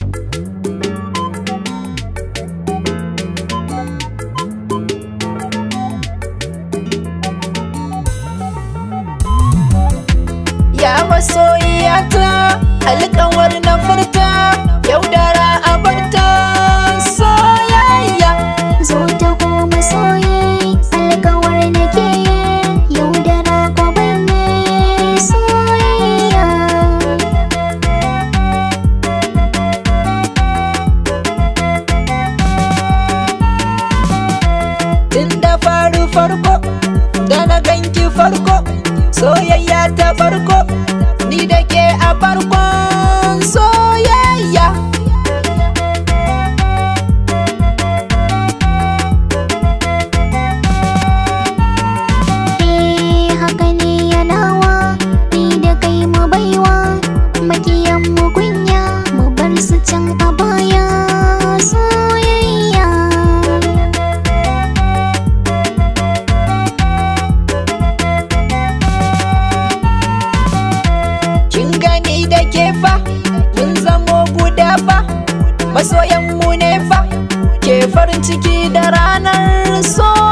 you da na ganki farko soyayya ta farko ni da ke a farko dafa fa masoyan mu ne fa ke farin ciki da ranar so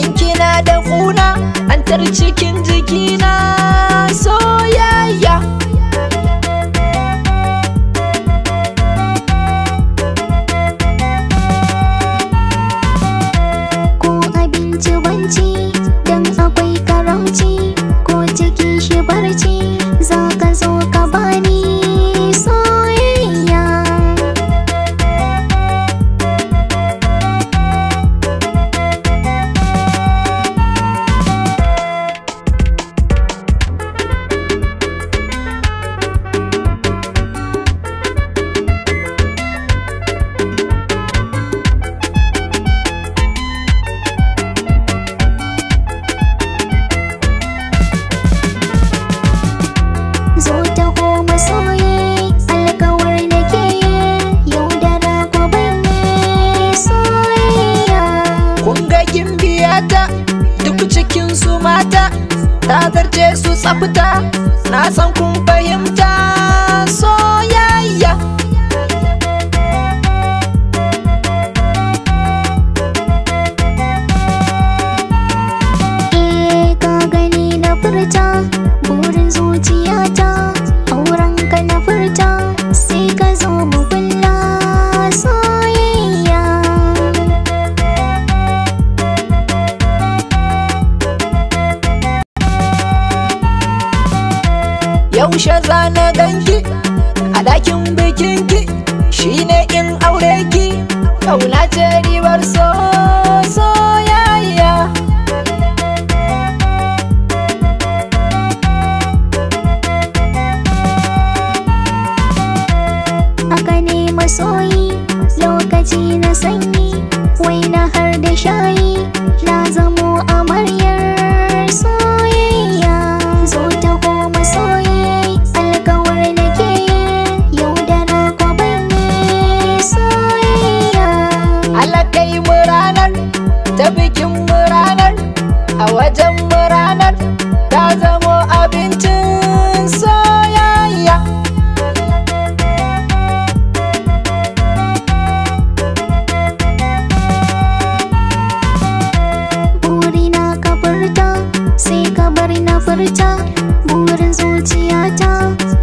san na da kuna an cikin jikina su cikin su mata ta zarce su tsafta na san kun fahimta soyayya Eh ka gani na dakin bikin ki shine in aure ki kauna ce ribar so soyayya aka ne masoyi lokaci na sanya a wajen ranar ta zamo abincin soyayya burina na kabarta sai kabar na furta burin zuciyata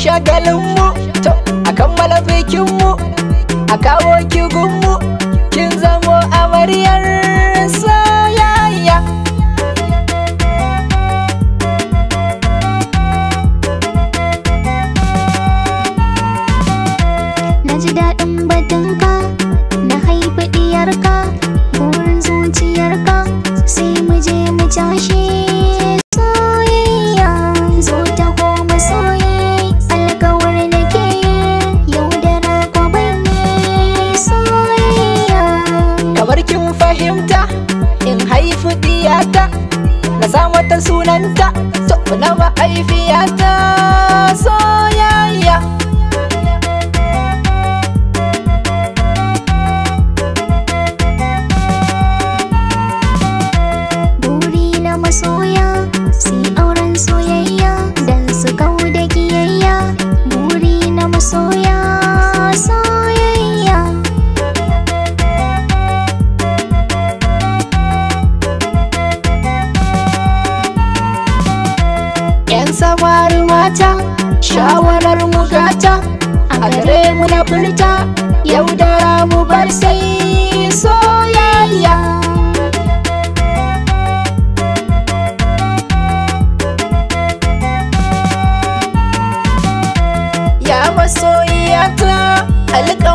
shagalinmu to a kammala bikinmu a kawo kigunmu kin zamo amaryar soyayya na ji daɗin batunka sunanta, so na mahaifiyata so. shawarar mu gata a gare mu na furta yaudara mu bar sai soyayya ya ta alƙa